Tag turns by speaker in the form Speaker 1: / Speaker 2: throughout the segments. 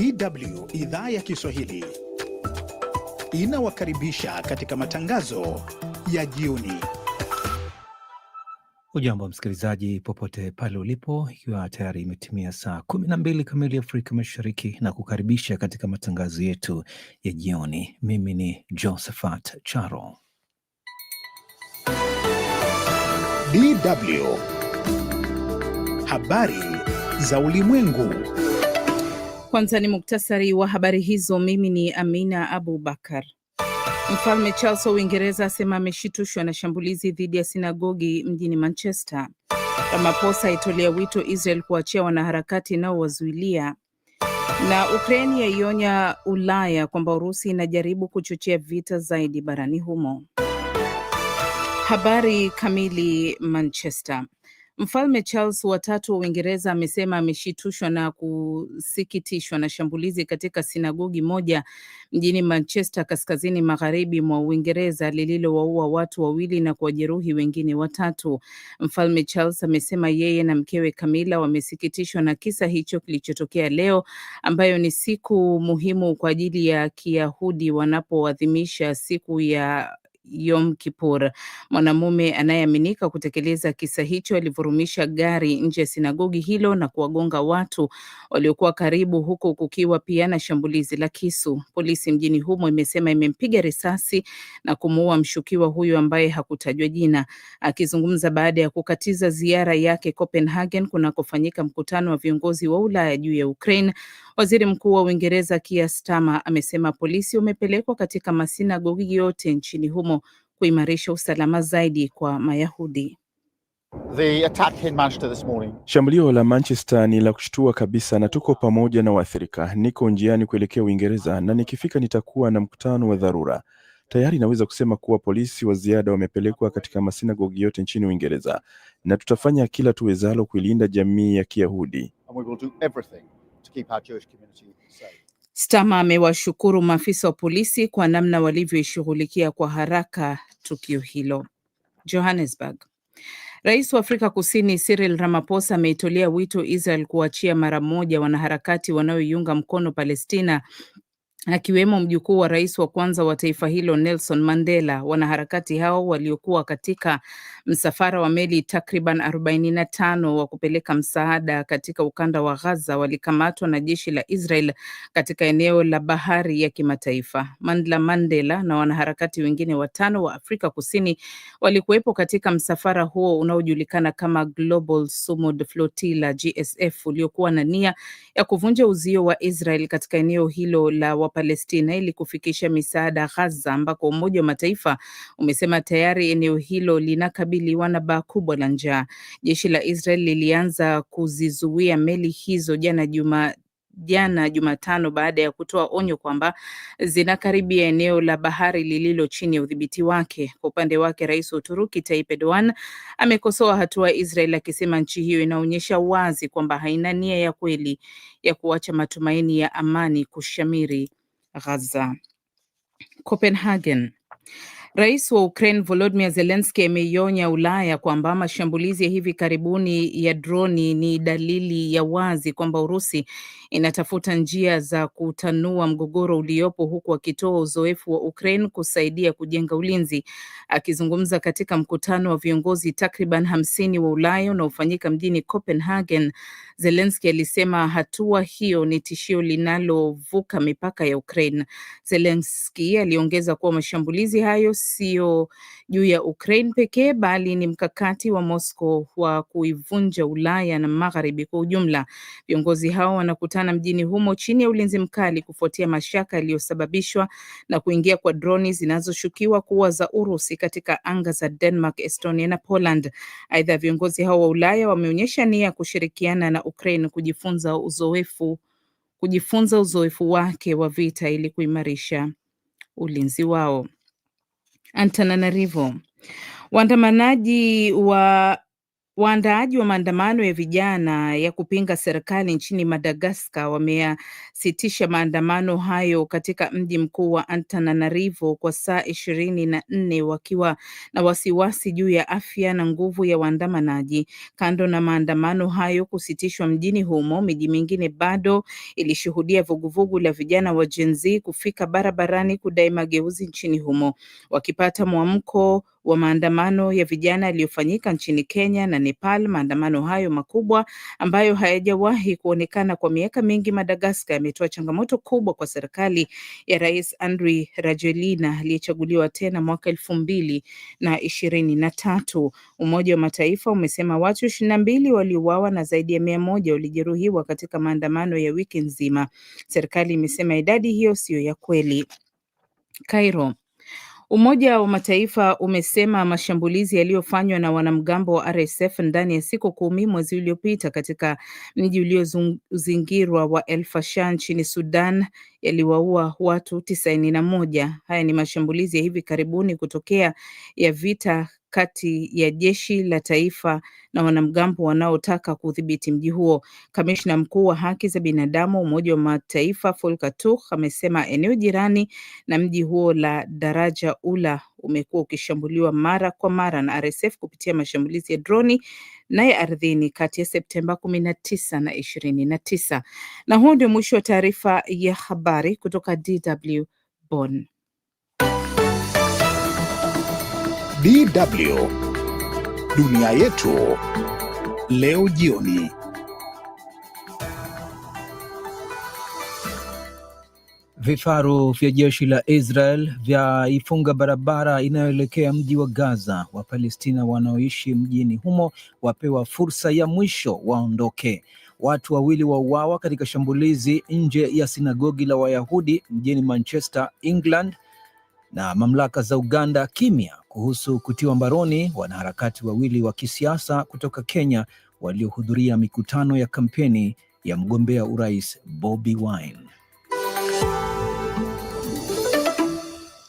Speaker 1: DW idhaa ya Kiswahili inawakaribisha katika matangazo ya jioni. Ujambo msikilizaji, popote pale ulipo, ikiwa tayari imetimia saa kumi na mbili kamili Afrika Mashariki na kukaribisha katika matangazo yetu ya jioni. Mimi ni Josephat Charo. DW
Speaker 2: habari za ulimwengu kwanza ni muktasari wa habari hizo. Mimi ni Amina Abubakar. Mfalme Charles wa Uingereza asema ameshitushwa na shambulizi dhidi ya sinagogi mjini Manchester. Ramaphosa aitolea wito Israel kuachia wanaharakati inaowazuilia na Ukraini yaionya Ulaya kwamba Urusi inajaribu kuchochea vita zaidi barani humo. Habari kamili. Manchester, Mfalme Charles watatu wa Uingereza amesema ameshitushwa na kusikitishwa na shambulizi katika sinagogi moja mjini Manchester, kaskazini magharibi mwa Uingereza, lililowaua watu wawili na kuwajeruhi wengine watatu. Mfalme Charles amesema yeye na mkewe Camilla wamesikitishwa na kisa hicho kilichotokea leo, ambayo ni siku muhimu kwa ajili ya Kiyahudi wanapoadhimisha siku ya Yom Kippur. Mwanamume anayeaminika kutekeleza kisa hicho alivurumisha gari nje ya sinagogi hilo na kuwagonga watu waliokuwa karibu, huku kukiwa pia na shambulizi la kisu. Polisi mjini humo imesema imempiga risasi na kumuua mshukiwa huyo ambaye hakutajwa jina. Akizungumza baada ya kukatiza ziara yake Copenhagen kunakofanyika mkutano wa viongozi wa Ulaya juu ya Ukraine, Waziri Mkuu wa Uingereza Keir Starmer amesema polisi wamepelekwa katika masinagogi yote nchini humo kuimarisha usalama zaidi kwa Mayahudi. The
Speaker 3: attack in Manchester this morning. Shambulio la Manchester ni la kushtua kabisa na tuko pamoja na waathirika. Niko njiani kuelekea Uingereza na nikifika nitakuwa na mkutano wa dharura. Tayari naweza kusema kuwa polisi wa ziada wamepelekwa katika masinagogi yote nchini Uingereza na tutafanya kila tuwezalo kuilinda jamii ya Kiyahudi. And we will do everything to keep
Speaker 2: our Jewish community safe. Stama amewashukuru maafisa wa polisi kwa namna walivyoishughulikia kwa haraka tukio hilo. Johannesburg. Rais wa Afrika Kusini Cyril Ramaphosa ameitolea wito Israel kuachia mara moja wanaharakati wanaoiunga mkono Palestina akiwemo mjukuu wa rais wa kwanza wa taifa hilo Nelson Mandela. Wanaharakati hao waliokuwa katika Msafara wa meli takriban 45 wa kupeleka msaada katika ukanda wa Gaza walikamatwa na jeshi la Israel katika eneo la bahari ya kimataifa. Mandla Mandela na wanaharakati wengine watano wa Afrika Kusini walikuwepo katika msafara huo unaojulikana kama Global Sumud Flotilla GSF uliokuwa na nia ya kuvunja uzio wa Israel katika eneo hilo la Wapalestina ili kufikisha misaada Gaza ambako Umoja wa Mataifa umesema tayari eneo hilo linakabili wawili baa kubwa la njaa. Jeshi la Israel lilianza kuzizuia meli hizo jana Juma jana Jumatano baada ya kutoa onyo kwamba zinakaribia eneo la bahari lililo chini ya udhibiti wake. Kwa upande wake, rais wa Uturuki Tayyip Erdogan amekosoa hatua ya Israel akisema nchi hiyo inaonyesha wazi kwamba haina nia ya kweli ya kuacha matumaini ya amani kushamiri Gaza. Copenhagen Rais wa Ukraine Volodymyr Zelensky ameionya Ulaya kwamba mashambulizi ya hivi karibuni ya droni ni dalili ya wazi kwamba Urusi inatafuta njia za kutanua mgogoro uliopo, huku akitoa uzoefu wa Ukraine kusaidia kujenga ulinzi. Akizungumza katika mkutano wa viongozi takriban hamsini wa Ulaya unaofanyika mjini Copenhagen, Zelensky alisema hatua hiyo ni tishio linalovuka mipaka ya Ukraine. Zelensky aliongeza kuwa mashambulizi hayo siyo juu ya Ukraine pekee, bali ni mkakati wa Moscow wa kuivunja Ulaya na magharibi kwa ujumla. Viongozi hao wanakutana mjini humo chini ya ulinzi mkali kufuatia mashaka yaliyosababishwa na kuingia kwa droni zinazoshukiwa kuwa za Urusi katika anga za Denmark, Estonia na Poland. Aidha, viongozi hao wa Ulaya wameonyesha nia ya kushirikiana na Ukraine kujifunza uzoefu kujifunza uzoefu wake wa vita ili kuimarisha ulinzi wao. Antananarivo, waandamanaji wa Waandaaji wa maandamano ya vijana ya kupinga serikali nchini Madagaskar wameyasitisha maandamano hayo katika mji mkuu wa Antananarivo kwa saa ishirini na nne wakiwa na wasiwasi juu ya afya na nguvu ya waandamanaji. Kando na maandamano hayo kusitishwa mjini humo, miji mingine bado ilishuhudia vuguvugu la vijana wa Gen Z kufika barabarani kudai mageuzi nchini humo wakipata mwamko wa maandamano ya vijana yaliyofanyika nchini Kenya na Nepal. Maandamano hayo makubwa ambayo hayajawahi kuonekana kwa miaka mingi Madagascar yametoa changamoto kubwa kwa serikali ya Rais Andry Rajoelina aliyechaguliwa tena mwaka elfu mbili na ishirini na tatu. Umoja wa Mataifa umesema watu ishirini na mbili waliuawa na zaidi ya mia moja walijeruhiwa katika maandamano ya wiki nzima. Serikali imesema idadi hiyo siyo ya kweli. Cairo. Umoja wa Mataifa umesema mashambulizi yaliyofanywa na wanamgambo wa RSF ndani ya siku kumi mwezi uliopita katika mji uliozingirwa wa El Fasher nchini Sudan yaliwaua watu tisaini na moja. Haya ni mashambulizi ya hivi karibuni kutokea ya vita kati ya jeshi la taifa na wanamgambo wanaotaka kudhibiti mji huo. Kamishna mkuu wa haki za binadamu Umoja wa Mataifa Volker Turk amesema eneo jirani na mji huo la Daraja Ula umekuwa ukishambuliwa mara kwa mara na RSF kupitia mashambulizi ya droni na ya ardhini kati ya Septemba kumi na tisa na ishirini na tisa. Na huo ndio mwisho wa taarifa ya habari kutoka DW Bonn. DW Dunia Yetu
Speaker 1: Leo Jioni. Vifaru vya jeshi la Israel vyaifunga barabara inayoelekea mji wa Gaza. Wapalestina wanaoishi mjini humo wapewa fursa ya mwisho waondoke. Watu wawili wauawa katika shambulizi nje ya sinagogi la Wayahudi mjini Manchester, England na mamlaka za Uganda kimya kuhusu kutiwa mbaroni wanaharakati wawili wa kisiasa kutoka Kenya waliohudhuria mikutano ya kampeni ya mgombea urais Bobi Wine.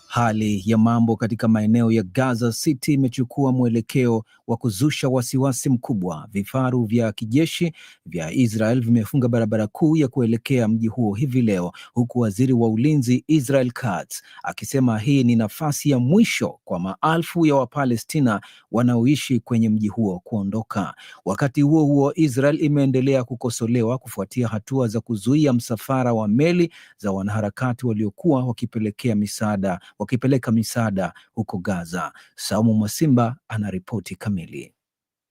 Speaker 1: Hali ya mambo katika maeneo ya Gaza City imechukua mwelekeo wa kuzusha wasiwasi mkubwa. Vifaru vya kijeshi vya Israel vimefunga barabara kuu ya kuelekea mji huo hivi leo, huku waziri wa ulinzi Israel Katz akisema hii ni nafasi ya mwisho kwa maelfu ya Wapalestina wanaoishi kwenye mji huo kuondoka. Wakati huo huo, Israel imeendelea kukosolewa kufuatia hatua za kuzuia msafara wa meli za wanaharakati waliokuwa wakipelekea misaada wakipeleka misaada huko Gaza. Saumu Mwasimba anaripoti kamili. اپنے لیے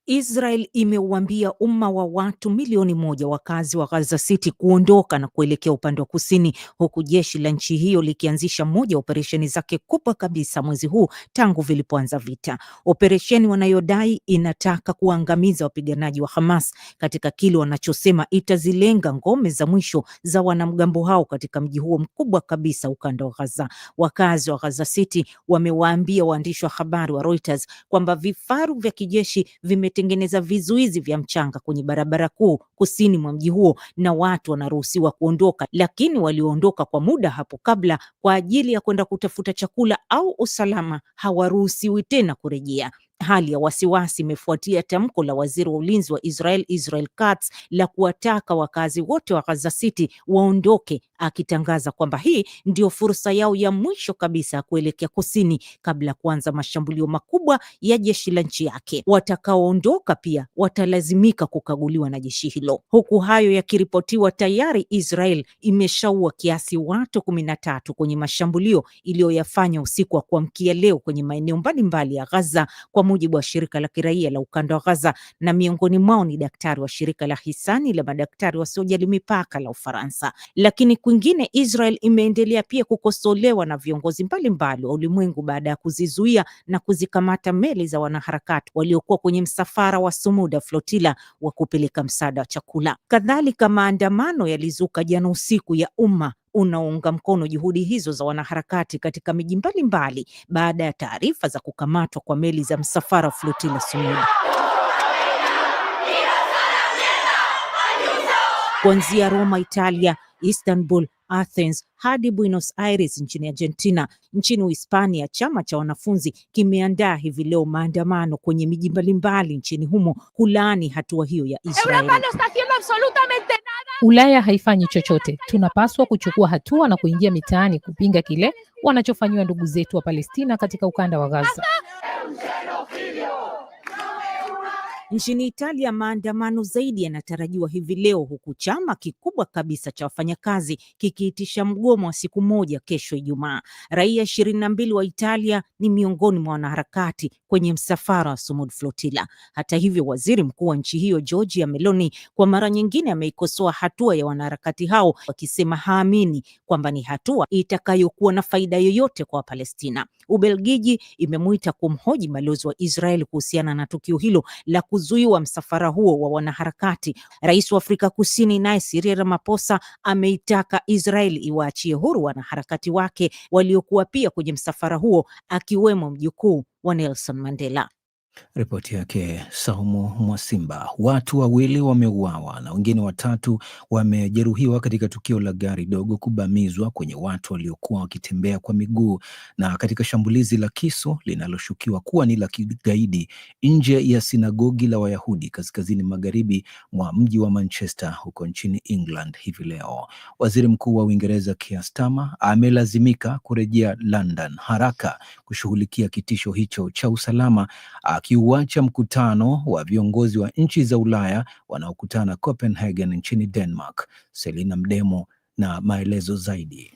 Speaker 2: Israel imeuambia umma wa watu milioni moja wakazi wa Gaza City kuondoka na kuelekea upande wa kusini, huku jeshi la nchi hiyo likianzisha moja operesheni zake kubwa kabisa mwezi huu tangu vilipoanza vita, operesheni wanayodai inataka kuangamiza wapiganaji wa Hamas katika kile wanachosema itazilenga ngome za mwisho za wanamgambo hao katika mji huo mkubwa kabisa ukanda wa Gaza. Wakazi wa Gaza City wamewaambia waandishi wa habari wa Reuters kwamba vifaru vya kijeshi vime imetengeneza vizuizi vya mchanga kwenye barabara kuu kusini mwa mji huo, na watu wanaruhusiwa kuondoka, lakini walioondoka kwa muda hapo kabla kwa ajili ya kwenda kutafuta chakula au usalama hawaruhusiwi tena kurejea. Hali ya wasiwasi imefuatia tamko la waziri wa ulinzi wa Israel Israel Katz la kuwataka wakazi wote wa Gaza City waondoke, akitangaza kwamba hii ndio fursa yao ya mwisho kabisa ya kuelekea kusini kabla ya kuanza mashambulio makubwa ya jeshi la nchi yake. Watakaoondoka pia watalazimika kukaguliwa na jeshi hilo. Huku hayo yakiripotiwa, tayari Israel imeshaua kiasi watu kumi na tatu kwenye mashambulio iliyoyafanya usiku wa kuamkia leo kwenye maeneo mbalimbali ya Gaza kwa mujibu wa shirika la kiraia la ukanda wa Gaza, na miongoni mwao ni daktari wa shirika la hisani la madaktari wasiojali mipaka la Ufaransa. Lakini kwingine, Israel imeendelea pia kukosolewa na viongozi mbalimbali wa ulimwengu baada ya kuzizuia na kuzikamata meli za wanaharakati waliokuwa kwenye msafara wa Sumuda Flotila wa kupeleka msaada wa chakula. Kadhalika, maandamano yalizuka jana usiku ya umma unaunga mkono juhudi hizo za wanaharakati katika miji mbalimbali baada ya taarifa za kukamatwa kwa meli za msafara flotila Sumuda. Kuanzia Roma, Italia, Istanbul, Athens hadi Buenos Aires nchini Argentina. Nchini Uhispania, chama cha wanafunzi kimeandaa hivi leo maandamano kwenye miji mbalimbali nchini humo kulaani hatua hiyo ya Israel. Ulaya haifanyi chochote. Tunapaswa kuchukua hatua na kuingia mitaani kupinga kile wanachofanyiwa ndugu zetu wa Palestina katika ukanda wa Gaza. Nchini Italia, maandamano zaidi yanatarajiwa hivi leo, huku chama kikubwa kabisa cha wafanyakazi kikiitisha mgomo wa siku moja kesho Ijumaa. Raia ishirini na mbili wa Italia ni miongoni mwa wanaharakati kwenye msafara wa Sumud Flotilla. Hata hivyo, waziri mkuu wa nchi hiyo Giorgia Meloni kwa mara nyingine ameikosoa hatua ya wanaharakati hao, wakisema haamini kwamba ni hatua itakayokuwa na faida yoyote kwa Wapalestina. Ubelgiji imemuita kumhoji balozi wa Israel kuhusiana na tukio hilo la kuzuiwa msafara huo wa wanaharakati. Rais wa Afrika Kusini naye Cyril Ramaphosa ameitaka Israel iwaachie huru wanaharakati wake waliokuwa pia kwenye msafara huo akiwemo mjukuu Nelson Mandela.
Speaker 1: Ripoti yake Saumu Mwasimba. Watu wawili wameuawa na wengine watatu wamejeruhiwa katika tukio la gari dogo kubamizwa kwenye watu waliokuwa wakitembea kwa miguu na katika shambulizi la kisu linaloshukiwa kuwa ni la kigaidi nje ya sinagogi la Wayahudi kaskazini magharibi mwa mji wa Manchester huko nchini England hivi leo. Waziri Mkuu wa Uingereza Keir Starmer amelazimika kurejea London haraka kushughulikia kitisho hicho cha usalama akiuacha mkutano wa viongozi wa nchi za Ulaya wanaokutana Copenhagen nchini Denmark. Selina Mdemo na maelezo zaidi.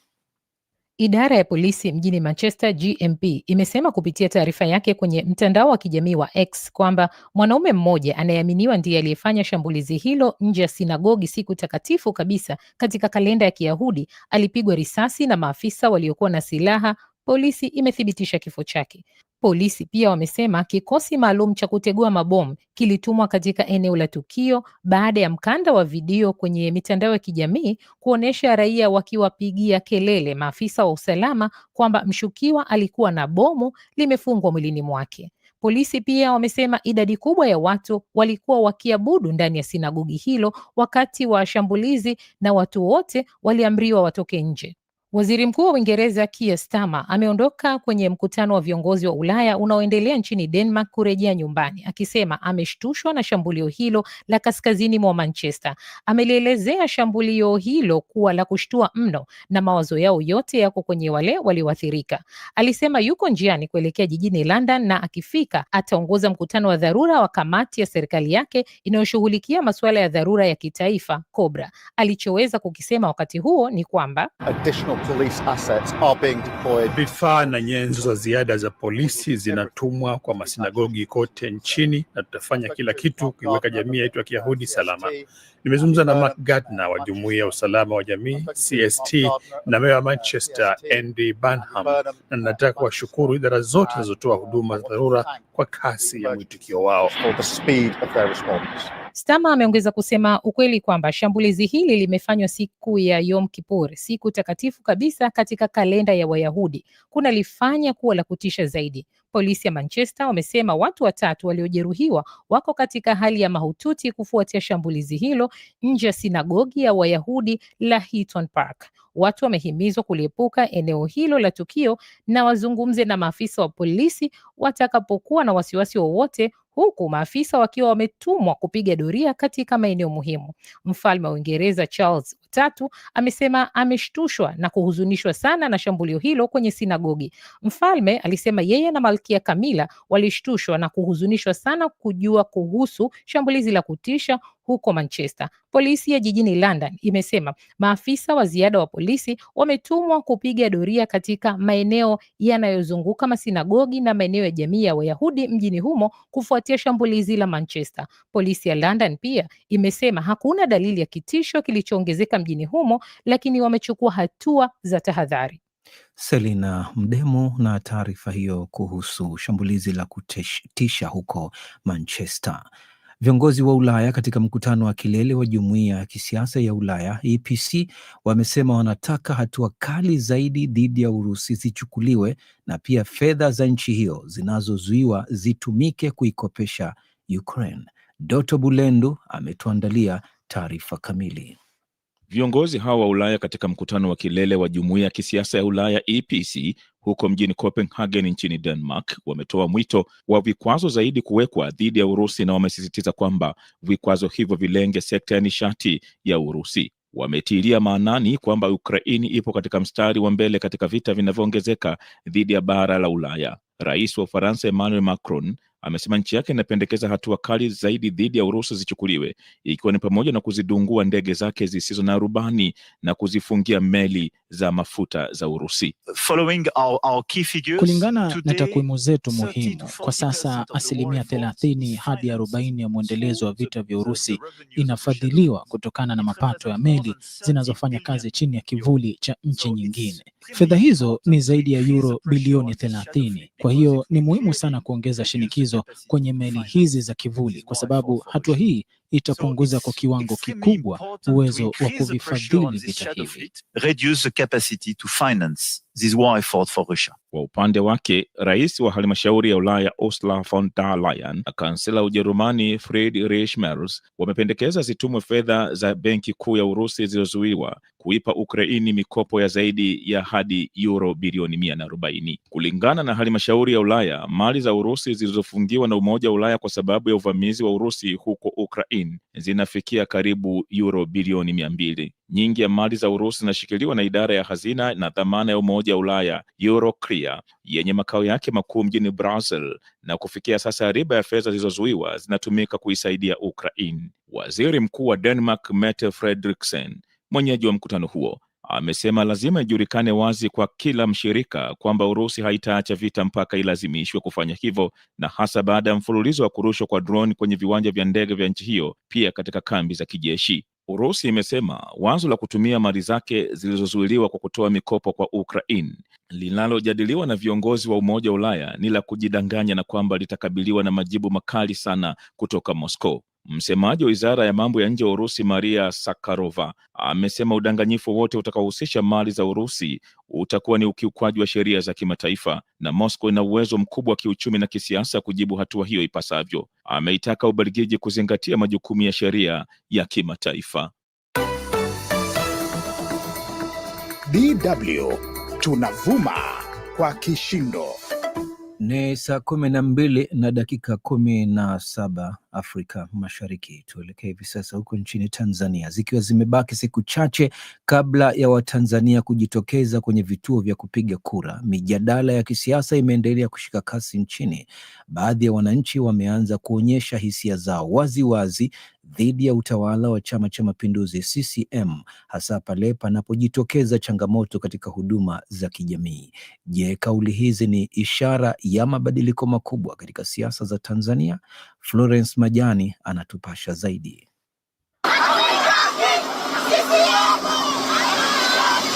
Speaker 2: Idara ya polisi mjini Manchester GMP imesema kupitia taarifa yake kwenye mtandao wa kijamii wa X kwamba mwanaume mmoja anayeaminiwa ndiye aliyefanya shambulizi hilo nje ya sinagogi siku takatifu kabisa katika kalenda ya Kiyahudi alipigwa risasi na maafisa waliokuwa na silaha. Polisi imethibitisha kifo chake. Polisi pia wamesema kikosi maalum cha kutegua mabomu kilitumwa katika eneo la tukio baada ya mkanda wa video kwenye mitandao ya kijamii kuonyesha raia wakiwapigia kelele maafisa wa usalama kwamba mshukiwa alikuwa na bomu limefungwa mwilini mwake. Polisi pia wamesema idadi kubwa ya watu walikuwa wakiabudu ndani ya sinagogi hilo wakati wa shambulizi na watu wote waliamriwa watoke nje. Waziri Mkuu wa Uingereza Keir Starmer ameondoka kwenye mkutano wa viongozi wa Ulaya unaoendelea nchini Denmark kurejea nyumbani, akisema ameshtushwa na shambulio hilo la kaskazini mwa Manchester. Amelielezea shambulio hilo kuwa la kushtua mno na mawazo yao yote yako kwenye wale walioathirika. Alisema yuko njiani kuelekea jijini London na akifika ataongoza mkutano wa dharura wa kamati ya serikali yake inayoshughulikia masuala ya dharura ya kitaifa, Cobra. Alichoweza kukisema wakati huo ni kwamba Additional police
Speaker 3: assets are being deployed. Vifaa na nyenzo za ziada za polisi zinatumwa kwa masinagogi kote nchini, na tutafanya kila kitu kuiweka jamii yetu ya Kiyahudi salama. Nimezungumza na Mark Gardner wa jumuiya ya usalama wa jamii CST na meya wa Manchester Andy Burnham, na nataka kuwashukuru idara zote zinazotoa huduma za dharura kwa kasi ya mwitikio wao.
Speaker 2: Stama ameongeza kusema ukweli kwamba shambulizi hili limefanywa siku ya Yom Kippur, siku takatifu kabisa katika kalenda ya Wayahudi, kuna lifanya kuwa la kutisha zaidi. Polisi ya Manchester wamesema watu watatu waliojeruhiwa wako katika hali ya mahututi kufuatia shambulizi hilo nje ya sinagogi ya Wayahudi la Heaton Park. Watu wamehimizwa kuliepuka eneo hilo la tukio na wazungumze na maafisa wa polisi watakapokuwa na wasiwasi wowote wa huku maafisa wakiwa wametumwa kupiga doria katika maeneo muhimu. Mfalme wa Uingereza Charles tatu amesema ameshtushwa na kuhuzunishwa sana na shambulio hilo kwenye sinagogi. Mfalme alisema yeye na Malkia Kamila walishtushwa na kuhuzunishwa sana kujua kuhusu shambulizi la kutisha huko Manchester. Polisi ya jijini London imesema maafisa wa ziada wa polisi wametumwa kupiga doria katika maeneo yanayozunguka masinagogi na maeneo ya jamii ya Wayahudi mjini humo kufuatia shambulizi la Manchester. Polisi ya London pia imesema hakuna dalili ya kitisho kilichoongezeka mjini humo, lakini wamechukua hatua za tahadhari.
Speaker 1: Selina Mdemo na taarifa hiyo kuhusu shambulizi la kutisha huko Manchester. Viongozi wa Ulaya katika mkutano wa kilele wa jumuiya ya kisiasa ya Ulaya EPC wamesema wanataka hatua kali zaidi dhidi ya Urusi zichukuliwe na pia fedha za nchi hiyo zinazozuiwa zitumike kuikopesha Ukraine. Doto Bulendu ametuandalia taarifa kamili.
Speaker 3: Viongozi hao wa Ulaya katika mkutano wa kilele wa jumuiya ya kisiasa ya Ulaya EPC huko mjini Copenhagen nchini Denmark wametoa mwito wa vikwazo zaidi kuwekwa dhidi ya Urusi na wamesisitiza kwamba vikwazo hivyo vilenge sekta ya nishati ya Urusi. Wametilia maanani kwamba Ukraini ipo katika mstari wa mbele katika vita vinavyoongezeka dhidi ya bara la Ulaya. Rais wa Ufaransa Emmanuel Macron amesema nchi yake inapendekeza hatua kali zaidi dhidi ya Urusi zichukuliwe, ikiwa ni pamoja na kuzidungua ndege zake zisizo na rubani na kuzifungia meli za mafuta za Urusi.
Speaker 1: Our, our key figures, kulingana today, na takwimu zetu muhimu kwa sasa, asilimia thelathini hadi arobaini ya mwendelezo wa vita vya Urusi inafadhiliwa kutokana na mapato ya meli zinazofanya kazi chini ya kivuli cha nchi nyingine. Fedha hizo ni zaidi ya euro bilioni thelathini. Kwa hiyo ni muhimu sana kuongeza shinikizo kwenye meli hizi za kivuli, kwa sababu hatua hii itapunguza kwa kiwango kikubwa uwezo wa kuvifadhili vita hivi.
Speaker 3: Zizwai fought for Russia. Kwa upande wake rais wa halmashauri ya Ulaya Ursula von der Leyen na kansela wa Ujerumani Friedrich Merz wamependekeza zitumwe fedha za benki kuu ya Urusi zilizozuiwa kuipa Ukraini mikopo ya zaidi ya hadi euro bilioni mia na arobaini. Kulingana na halmashauri ya Ulaya, mali za Urusi zilizofungiwa na Umoja wa Ulaya kwa sababu ya uvamizi wa Urusi huko Ukraine zinafikia karibu euro bilioni mia mbili. Nyingi ya mali za Urusi zinashikiliwa na idara ya hazina na dhamana ya Umoja wa Ulaya Euroclear yenye makao yake makuu mjini Brussels, na kufikia sasa riba ya fedha zilizozuiwa zinatumika kuisaidia Ukraine. Waziri Mkuu wa Denmark Mette Frederiksen, mwenyeji wa mkutano huo, amesema lazima ijulikane wazi kwa kila mshirika kwamba Urusi haitaacha vita mpaka ilazimishwe kufanya hivyo, na hasa baada ya mfululizo wa kurushwa kwa droni kwenye viwanja vya ndege vya nchi hiyo, pia katika kambi za kijeshi. Urusi imesema wazo la kutumia mali zake zilizozuiliwa kwa kutoa mikopo kwa Ukraine linalojadiliwa na viongozi wa Umoja wa Ulaya ni la kujidanganya na kwamba litakabiliwa na majibu makali sana kutoka Moscow. Msemaji wa wizara ya mambo ya nje wa Urusi, Maria Sakarova, amesema udanganyifu wote utakaohusisha mali za Urusi utakuwa ni ukiukwaji wa sheria za kimataifa na Moscow ina uwezo mkubwa wa kiuchumi na kisiasa kujibu hatua hiyo ipasavyo. Ameitaka Ubelgiji kuzingatia majukumu ya sheria ya kimataifa. DW
Speaker 1: tunavuma kwa kishindo. Ni saa kumi na mbili na dakika kumi na saba Afrika Mashariki. Tuelekee hivi sasa huko nchini Tanzania, zikiwa zimebaki siku chache kabla ya Watanzania kujitokeza kwenye vituo vya kupiga kura, mijadala ya kisiasa imeendelea kushika kasi nchini. Baadhi ya wananchi wameanza kuonyesha hisia zao wazi wazi dhidi ya utawala wa Chama cha Mapinduzi CCM, hasa pale panapojitokeza changamoto katika huduma za kijamii. Je, kauli hizi ni ishara ya mabadiliko makubwa katika siasa za Tanzania? Florence Majani anatupasha zaidi.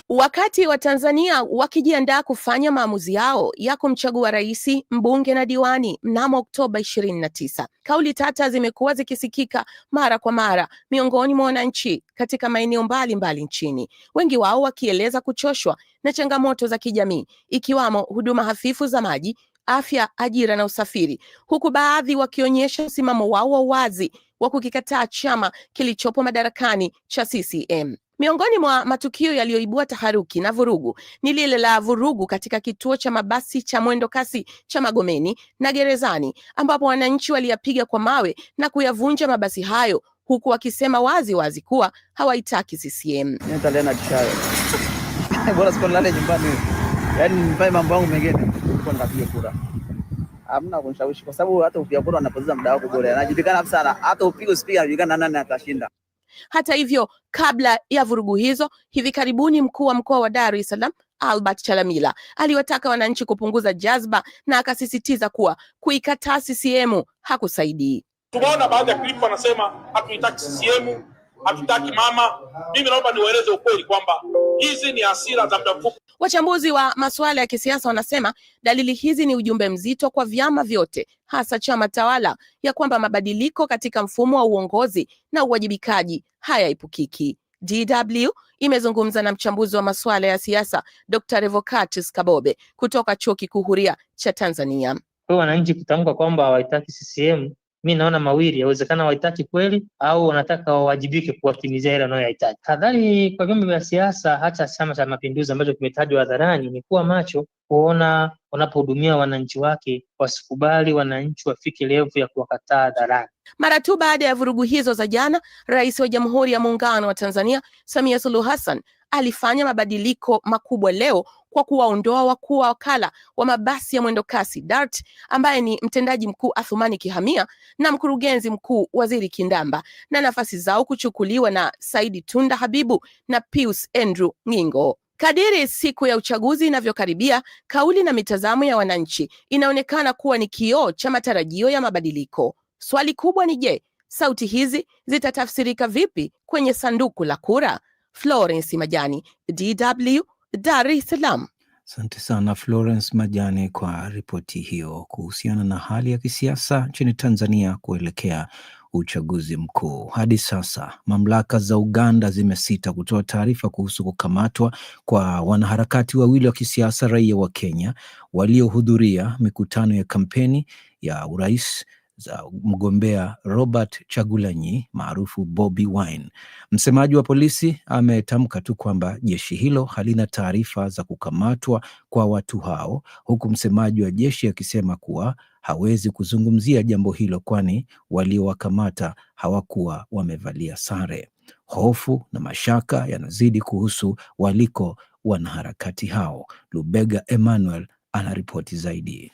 Speaker 2: Wakati wa Tanzania wakijiandaa kufanya maamuzi yao ya kumchagua rais, mbunge na diwani mnamo Oktoba 29, kauli tata zimekuwa zikisikika mara kwa mara miongoni mwa wananchi katika maeneo mbalimbali nchini, wengi wao wakieleza kuchoshwa na changamoto za kijamii ikiwamo huduma hafifu za maji, afya, ajira na usafiri, huku baadhi wakionyesha msimamo wao wa wazi wa kukikataa chama kilichopo madarakani cha CCM. Miongoni mwa matukio yaliyoibua taharuki na vurugu ni lile la vurugu katika kituo cha mabasi cha mwendo kasi cha Magomeni na Gerezani, ambapo wananchi waliyapiga kwa mawe na kuyavunja mabasi hayo huku wakisema wazi wazi kuwa hawaitaki CCM. Mbona nyumbani? Yaani nifanye mambo yangu mengine ndipo nikapige kura. Hamna kunishawishi kwa sababu hata ukipiga kura unapoteza muda wako bure. Anajulikana sana. Hata upige usipige anajulikana nani atashinda. Hata hivyo, kabla ya vurugu hizo, hivi karibuni mkuu wa mkoa wa Dar es Salaam Albert Chalamila aliwataka wananchi kupunguza jazba na akasisitiza kuwa kuikataa CCM hakusaidii. Tumeona baadhi ya klipu wanasema hatuitaki CCM hatutaki mama. Mimi naomba niwaeleze ukweli kwamba hizi ni hasira za muda mfupi. Wachambuzi wa masuala ya kisiasa wanasema dalili hizi ni ujumbe mzito kwa vyama vyote, hasa chama tawala, ya kwamba mabadiliko katika mfumo wa uongozi na uwajibikaji hayaepukiki. DW imezungumza na mchambuzi wa masuala ya siasa Dr. Revocatus Kabobe kutoka Chuo Kikuu Huria cha Tanzania.
Speaker 4: Wananchi kutamka kwamba hawaitaki CCM mi naona mawili, yawezekana wahitaki kweli au wanataka wawajibike kuwatimizia yale wanayoyahitaji. Kadhari kwa vyombo vya siasa, hata Chama cha Mapinduzi ambacho kimetajwa hadharani, ni kuwa macho kuona wanapohudumia wananchi wake, wasikubali wananchi wafike levu ya kuwakataa hadharani.
Speaker 2: Mara tu baada ya vurugu hizo za jana, Rais wa Jamhuri ya Muungano wa Tanzania Samia Suluhu Hassan alifanya mabadiliko makubwa leo kwa kuwaondoa wakuu wa wakala wa mabasi ya mwendokasi DART ambaye ni mtendaji mkuu Athumani Kihamia na mkurugenzi mkuu Waziri Kindamba na nafasi zao kuchukuliwa na Saidi Tunda Habibu na Pius Andrew Ngingo. Kadiri siku ya uchaguzi inavyokaribia, kauli na mitazamo ya wananchi inaonekana kuwa ni kioo cha matarajio ya mabadiliko. Swali kubwa ni je, sauti hizi zitatafsirika vipi kwenye sanduku la kura? Florence Majani, DW Dar es Salaam.
Speaker 1: Asante sana Florence Majani kwa ripoti hiyo kuhusiana na hali ya kisiasa nchini Tanzania kuelekea uchaguzi mkuu. Hadi sasa mamlaka za Uganda zimesita kutoa taarifa kuhusu kukamatwa kwa wanaharakati wawili wa kisiasa raia wa Kenya waliohudhuria mikutano ya kampeni ya urais za mgombea Robert Chagulanyi maarufu Bobi Wine. Msemaji wa polisi ametamka tu kwamba jeshi hilo halina taarifa za kukamatwa kwa watu hao, huku msemaji wa jeshi akisema kuwa hawezi kuzungumzia jambo hilo kwani waliowakamata hawakuwa wamevalia sare. Hofu na mashaka yanazidi kuhusu waliko wanaharakati hao. Lubega Emmanuel anaripoti zaidi.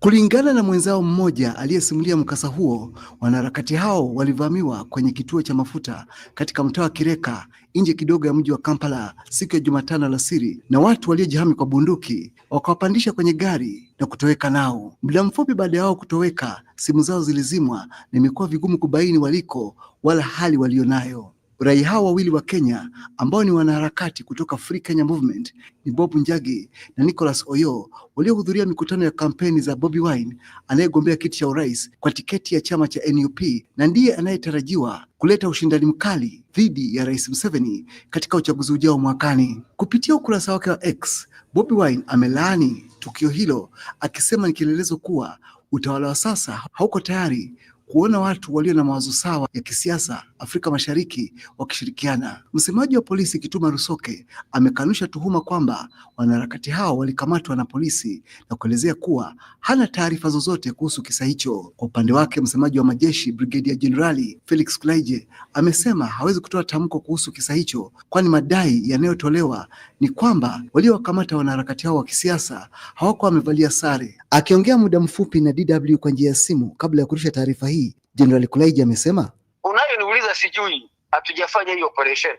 Speaker 5: Kulingana na mwenzao mmoja aliyesimulia mkasa huo, wanaharakati hao walivamiwa kwenye kituo cha mafuta katika mtaa wa Kireka nje kidogo ya mji wa Kampala siku ya Jumatano alasiri, na watu waliojihami kwa bunduki wakawapandisha kwenye gari na kutoweka nao. Muda mfupi baada ya wao kutoweka, simu zao zilizimwa na imekuwa vigumu kubaini waliko wala hali walionayo. Raia hao wawili wa Kenya ambao ni wanaharakati kutoka Free Kenya Movement ni Bob Njagi na Nicholas Oyo waliohudhuria mikutano ya kampeni za Bobi Wine anayegombea kiti cha urais kwa tiketi ya chama cha NUP na ndiye anayetarajiwa kuleta ushindani mkali dhidi ya Rais Museveni katika uchaguzi ujao mwakani. Kupitia ukurasa wake wa X, Bobi Wine amelaani tukio hilo akisema ni kielelezo kuwa utawala wa sasa hauko tayari kuona watu walio na mawazo sawa ya kisiasa Afrika Mashariki wakishirikiana. Msemaji wa polisi Kituma Rusoke amekanusha tuhuma kwamba wanaharakati hao walikamatwa na polisi na kuelezea kuwa hana taarifa zozote kuhusu kisa hicho. Kwa upande wake, msemaji wa majeshi Brigedia Jenerali Felix Kulaije amesema hawezi kutoa tamko kuhusu kisa hicho, kwani madai yanayotolewa ni kwamba waliowakamata wanaharakati hao wa kisiasa hawakuwa wamevalia sare. Akiongea muda mfupi na DW kwa njia ya simu kabla ya kurusha taarifa hii hii Jenerali Kulaiji amesema. Unayoniuliza sijui, hatujafanya hiyo operation,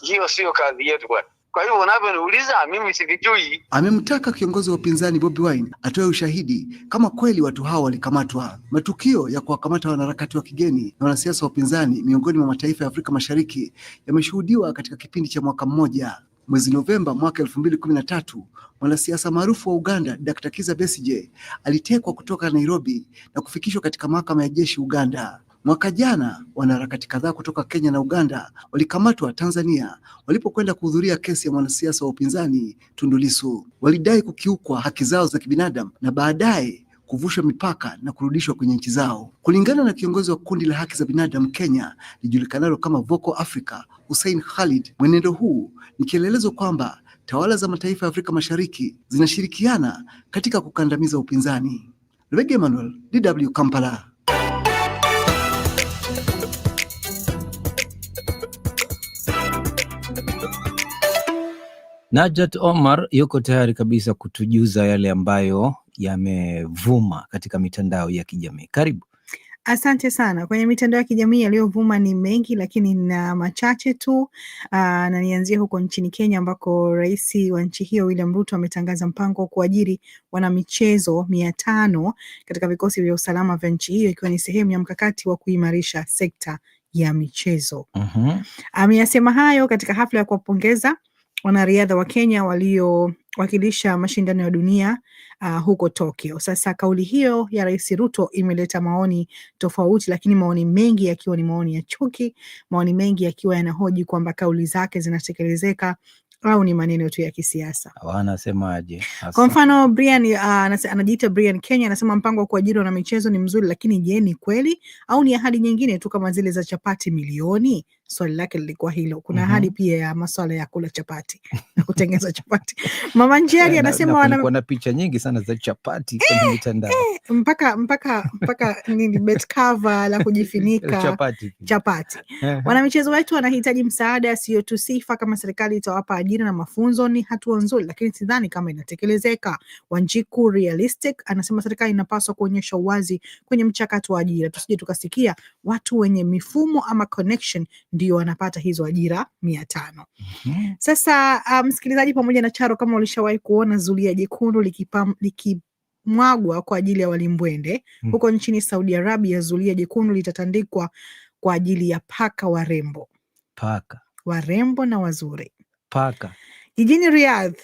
Speaker 5: hiyo siyo kazi yetu bwana. Kwa hivyo unavyoniuliza mimi sivijui. Amemtaka kiongozi wa upinzani Bobi Wine atoe ushahidi kama kweli watu hao walikamatwa. Matukio ya kuwakamata wanaharakati wa kigeni na wanasiasa wa upinzani miongoni mwa mataifa ya Afrika Mashariki yameshuhudiwa katika kipindi cha mwaka mmoja. Mwezi Novemba mwaka elfu mbili kumi na tatu mwanasiasa maarufu wa Uganda Dr. Kiza Besije alitekwa kutoka Nairobi na kufikishwa katika mahakama ya jeshi Uganda. Mwaka jana wanaharakati kadhaa kutoka Kenya na Uganda walikamatwa Tanzania walipokwenda kuhudhuria kesi ya mwanasiasa wa upinzani Tundu Lissu. Walidai kukiukwa haki zao za kibinadamu na baadaye kuvushwa mipaka na kurudishwa kwenye nchi zao. Kulingana na kiongozi wa kundi la haki za binadamu Kenya lijulikanalo kama Vocal Africa, Hussein Khalid, mwenendo huu ni kielelezo kwamba tawala za mataifa ya Afrika Mashariki zinashirikiana katika kukandamiza upinzani. Lubega Emmanuel, DW Kampala.
Speaker 1: Najat Omar yuko tayari kabisa kutujuza yale ambayo yamevuma katika mitandao ya kijamii. Karibu.
Speaker 6: Asante sana. Kwenye mitandao ya kijamii yaliyovuma ni mengi, lakini na machache tu aa, ah, na nianzie huko nchini Kenya ambako rais wa nchi hiyo William Ruto ametangaza mpango wa kuajiri wanamichezo mia tano katika vikosi vya usalama vya nchi hiyo ikiwa ni sehemu ya mkakati wa kuimarisha sekta ya michezo. Uh mhm. -huh. Ameyasema hayo katika hafla ya kuwapongeza wanariadha wa Kenya waliowakilisha mashindano ya dunia uh, huko Tokyo. Sasa kauli hiyo ya Rais Ruto imeleta maoni tofauti, lakini maoni mengi yakiwa ni maoni ya chuki, maoni mengi yakiwa yanahoji kwamba kauli zake zinatekelezeka au ni maneno tu ya kisiasa. Wanasemaje? Kwa mfano Brian uh, anajiita Brian Kenya anasema mpango wa kuajiri na michezo ni mzuri, lakini je, ni kweli au ni ahadi nyingine tu kama zile za chapati milioni? swali lake lilikuwa hilo. Kuna mhm. ahadi mm -hmm. pia ya maswala ya kula chapati na kutengeneza chapati. Mama Njeri anasema na, na, wana... picha nyingi sana za chapati eh, kwenye eh, mitandao eh, mpaka mpaka mpaka nini cover la kujifinika chapati, chapati. Wanamichezo wetu wanahitaji msaada, sio tu sifa. Kama serikali itawapa ajira na mafunzo ni hatua nzuri, lakini sidhani kama inatekelezeka. Wanjiku realistic anasema serikali inapaswa kuonyesha uwazi kwenye mchakato wa ajira, tusije tukasikia watu wenye mifumo ama connection ndio wanapata hizo ajira mia tano. mm-hmm. Sasa ah, msikilizaji, um, pamoja na Charo, kama ulishawahi kuona zulia jekundu likimwagwa kwa ajili ya walimbwende mm. Huko nchini Saudi Arabia, zulia jekundu litatandikwa kwa ajili ya paka warembo, paka warembo na wazuri, paka jijini Riyadh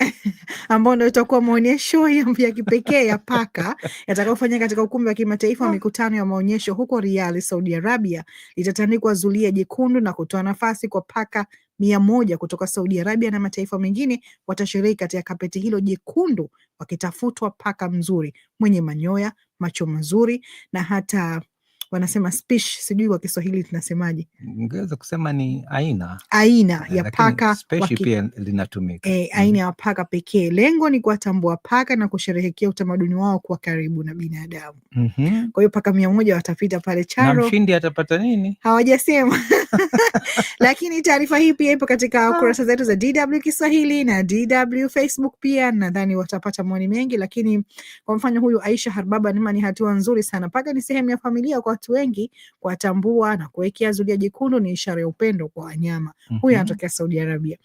Speaker 6: ambao ndio itakuwa maonyesho ya kipekee ya paka yatakayofanyika katika ukumbi wa kimataifa wa mm. mikutano ya maonyesho huko Riyadh, Saudi Arabia, litatandikwa zulia jekundu na kutoa nafasi kwa paka mia moja kutoka Saudi Arabia na mataifa mengine watashiriki katika kapeti hilo jekundu, wakitafutwa paka mzuri mwenye manyoya, macho mazuri na hata wanasema speech, sijui kwa Kiswahili tunasemaje?
Speaker 1: Ungeweza kusema ni aina
Speaker 6: aina ya eh, paka pia linatumika e, aina ya paka pekee. Lengo ni kuwatambua paka na kusherehekea utamaduni wao kuwa karibu na binadamu. mm -hmm. Kwa hiyo paka mia moja watapita pale Charo.
Speaker 1: Na mshindi atapata nini?
Speaker 6: Hawajasema lakini taarifa hii pia ipo katika ah. kurasa zetu za DW Kiswahili na DW Facebook pia, nadhani watapata maoni mengi, lakini kwa mfano huyu Aisha Harbaba nima ni hatua nzuri sana, paka ni sehemu ya familia kwa watu wengi kuwatambua na kuwekea zulia jekundu ni ishara ya upendo kwa wanyama. Huyu mm -hmm. anatokea Saudi Arabia.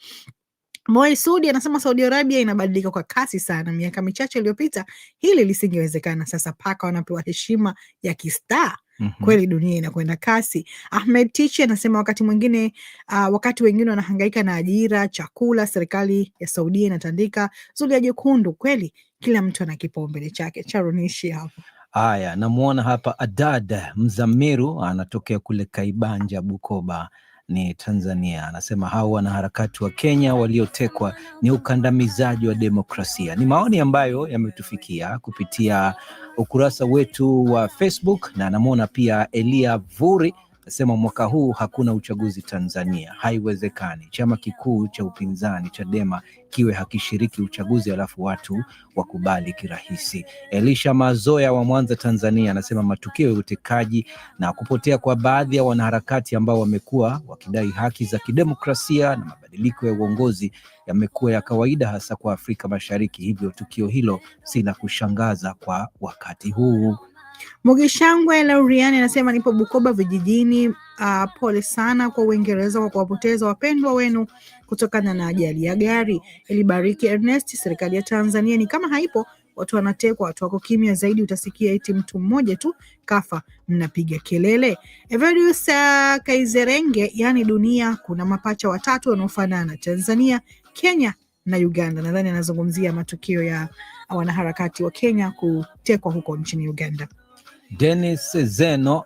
Speaker 6: Moe Sudi anasema Saudi Arabia inabadilika kwa kasi sana. Miaka michache iliyopita hili lisingewezekana. Sasa paka wanapewa heshima ya kistaa. Mm -hmm. Kweli dunia inakwenda kasi. Ahmed Tichi anasema wakati mwingine uh, wakati wengine wanahangaika na ajira, chakula, serikali ya Saudia inatandika zulia jekundu. Kweli kila mtu ana kipaumbele chake. Charonishi hapo.
Speaker 1: Haya, namwona hapa Adad Mzamiru anatokea kule Kaibanja, Bukoba ni Tanzania. Anasema hao wanaharakati wa Kenya waliotekwa ni ukandamizaji wa demokrasia. Ni maoni ambayo yametufikia kupitia ukurasa wetu wa Facebook, na anamwona pia Elia Vuri Asema mwaka huu hakuna uchaguzi Tanzania, haiwezekani. Chama kikuu cha upinzani Chadema kiwe hakishiriki uchaguzi, alafu watu wakubali kirahisi. Elisha Mazoya wa Mwanza, Tanzania, anasema matukio ya utekaji na kupotea kwa baadhi ya wanaharakati ambao wamekuwa wakidai haki za kidemokrasia na mabadiliko ya uongozi yamekuwa ya kawaida, hasa kwa Afrika Mashariki, hivyo tukio hilo si la kushangaza kwa wakati huu.
Speaker 6: Mugishangwe Laurian anasema nipo Bukoba vijijini. Uh, pole sana kwa Uingereza kwa kuwapoteza wapendwa wenu kutokana na ajali ya gari. Ilibariki Ernest. Serikali ya Tanzania ni kama haipo, watu wanatekwa, watu wako kimya zaidi. Utasikia eti mtu mmoja tu kafa, mnapiga kelele. Evarius uh, ah, Kaizerenge, yani dunia kuna mapacha watatu wanaofanana Tanzania, Kenya na Uganda. Nadhani anazungumzia matukio ya wanaharakati wa Kenya kutekwa huko nchini Uganda.
Speaker 1: Dennis Zeno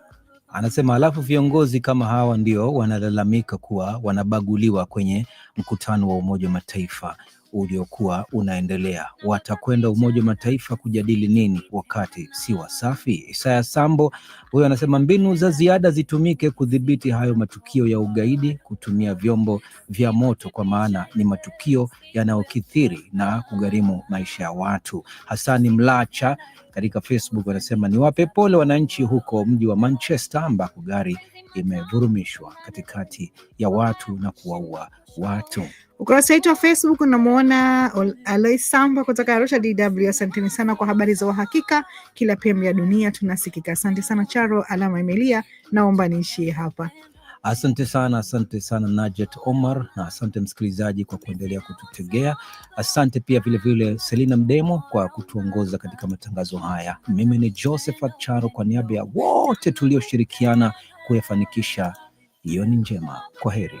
Speaker 1: anasema halafu viongozi kama hawa ndio wanalalamika kuwa wanabaguliwa kwenye mkutano wa Umoja wa Mataifa uliokuwa unaendelea. Watakwenda Umoja wa Mataifa kujadili nini wakati si wasafi? Isaya Sambo huyo anasema mbinu za ziada zitumike kudhibiti hayo matukio ya ugaidi, kutumia vyombo vya moto, kwa maana ni matukio yanayokithiri na kugharimu maisha ya watu. Hasani Mlacha katika Facebook anasema niwape pole wananchi huko mji wa Manchester ambako gari imevurumishwa katikati ya watu na kuwaua watu.
Speaker 6: Ukurasa wetu wa Facebook unamwona Alois Samba kutoka Arusha DW. Asanteni sana kwa habari za uhakika, kila pembe ya dunia tunasikika. Asante sana Charo Alama Emelia, naomba niishie hapa.
Speaker 1: Asante sana, asante sana Najet Omar, na asante msikilizaji kwa kuendelea kututegea. Asante pia vilevile vile Selina Mdemo kwa kutuongoza katika matangazo haya. Mimi ni Josephat Charo kwa niaba ya wote tulioshirikiana kuyafanikisha. Jioni njema, kwa heri.